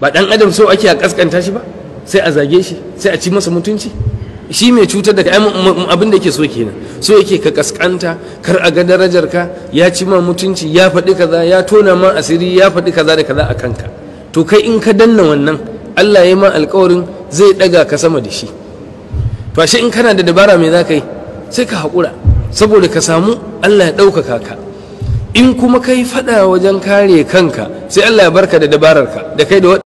ba ɗan adam so ake a kaskanta shi ba sai a zage shi sai a ci masa mutunci shi mai cutar da kai abin da yake so kenan so yake ka kaskanta kar a ga darajar ka ya ci ma mutunci ya faɗi kaza ya tona ma asiri ya faɗi kaza da kaza a kanka to kai in ka danna wannan Allah ya ma alkawarin zai ɗaga ka sama da shi to ashe in kana da dabara mai za ka yi sai ka haƙura saboda ka samu Allah ya ɗaukaka ka in kuma ka yi faɗa wajen kare kanka sai Allah ya barka da dabararka da kai da